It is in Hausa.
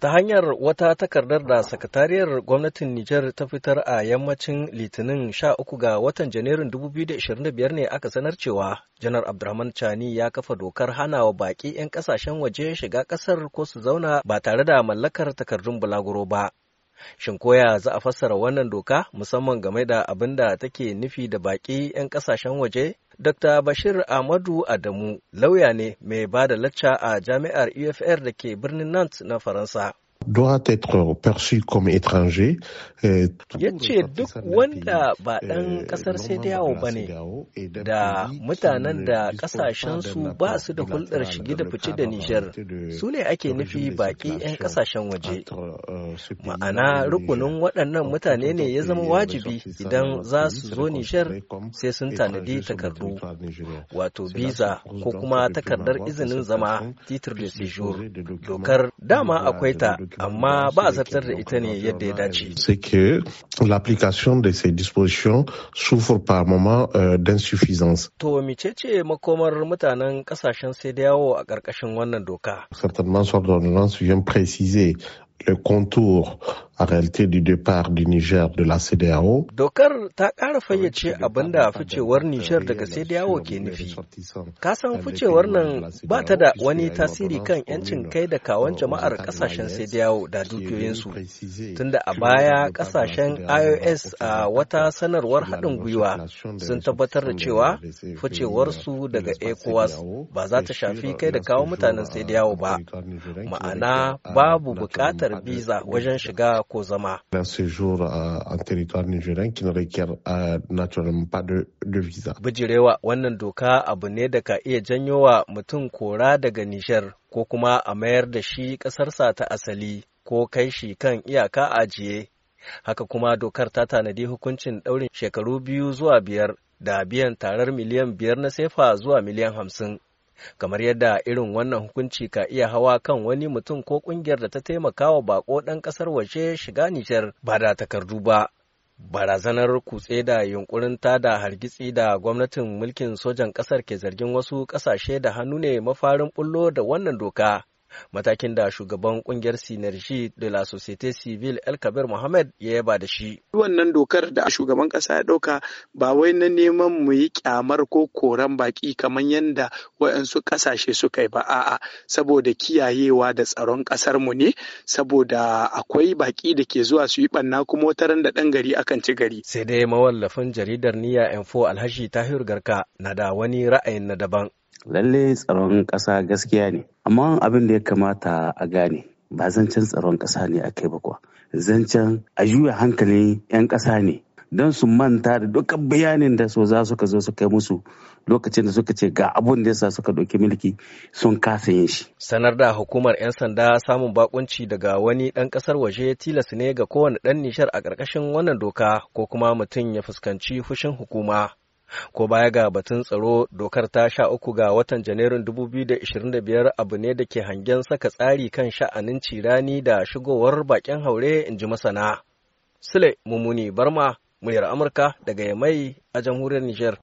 ta hanyar wata takardar da sakatariyar gwamnatin Nijar ta fitar a yammacin litinin 13 ga watan janairun 2025 ne aka sanar cewa janar abdurrahman chani ya kafa dokar hana wa baƙi 'yan kasashen waje shiga ƙasar ko su zauna ba tare da mallakar takardun bulaguro ba shin koya za a fassara wannan doka musamman game da abin da take nufi da baƙi 'yan ƙasashen waje Dr. Bashir Ahmadu Adamu lauya ne mai ba da lacca a jami'ar UFR da ke birnin Nantes na Faransa. doit être perçu comme étranger. Euh, ya ce duk wanda ba ɗan euh, ƙasar Sediyawo ba ne da mutanen da ƙasashensu ba su da hulɗar shige da fice da Nijar su ne ake nufi baƙi 'yan ƙasashen waje. Euh, Ma'ana rukunin waɗannan mutane ne ya zama wajibi idan za su zo Nijar sai sun tanadi takardu wato visa ko kuma takardar izinin zama titir da séjour. dokar dama akwai ta amma ba a zartar da ita ne yadda ya dace. C'est que l'application de ces dispositions souffre par moment euh, d'insuffisance. To micece makomar mutanen kasashen sai da yawo a ƙarƙashin wannan doka. Certainement, cette ordonnance vient préciser le contour a réalité du départ du Niger de la CDAO. Dokar ta ƙara fayyace abin da ficewar Niger daga CDAO ke nufi. ka san ficewar nan ba ta da wani tasiri kan 'yancin kai da kawon jama'ar ƙasashen CDAO da dukiyoyinsu. Tunda a baya ƙasashen IOS a wata sanarwar haɗin gwiwa sun tabbatar da cewa ficewarsu daga ECOWAS ba za ta shafi kai da kawo mutanen CDAO ba. Ma'ana babu buƙatar biza wajen shiga ko zama. Na séjour euh, en territoire nigérien qui ne requiert euh, naturellement pas de, visa. Bijirewa wannan doka abu ne da ka iya janyo wa mutum kora daga Nijar ko kuma a mayar da shi ƙasarsa ta asali ko kai shi kan iyaka ajiye. Haka kuma dokar ta tanadi hukuncin ɗaurin shekaru biyu zuwa biyar da biyan tarar miliyan biyar na sefa zuwa miliyan hamsin. kamar yadda irin wannan hukunci ka iya hawa kan wani mutum ko kungiyar da ta taimaka wa bako ɗan ƙasar waje shiga Nijar ba da takardu ba. Barazanar kutse da yunkurin da hargitsi da gwamnatin mulkin sojan ƙasar ke zargin wasu ƙasashe da hannu ne mafarin bullo da wannan doka matakin da shugaban kungiyar Sinergi de la Société Civile El Kabir Mohamed ya yaba da shi. Wannan dokar da shugaban kasa ya ɗauka ba wai na neman mu yi kyamar ko koran baki kamar yadda waɗansu ƙasashe suka yi ba a'a saboda kiyayewa da tsaron ƙasarmu mu ne saboda akwai baki da ke zuwa su yi ɓanna kuma wata ran da ɗan gari akan ci gari. Sai dai mawallafin jaridar Niyya Info Alhaji Tahir Garka na da wani ra'ayin na daban. lalle tsaron ƙasa gaskiya ne amma abin da ya kamata a gane ba zancen tsaron ƙasa ne a kai ba kuwa zancen a juya hankalin 'yan ƙasa ne don su manta da dukkan bayanin da so za su ka zo su kai musu lokacin da suka ce ga abun da yasa suka ɗauki mulki sun kasa yin shi. Sanar da hukumar 'yan sanda samun bakunci daga wani ɗan kasar waje tilas ne ga kowane ɗan nishar a ƙarƙashin wannan doka ko kuma mutum ya fuskanci fushin hukuma. ko baya ga batun tsaro dokar ta sha uku ga watan janairun 2025 abu ne da ke hangen saka tsari kan sha'anin cirani da shigowar bakin haure in ji masana sule mummuni barma muryar amurka daga yamai a jamhuriyar niger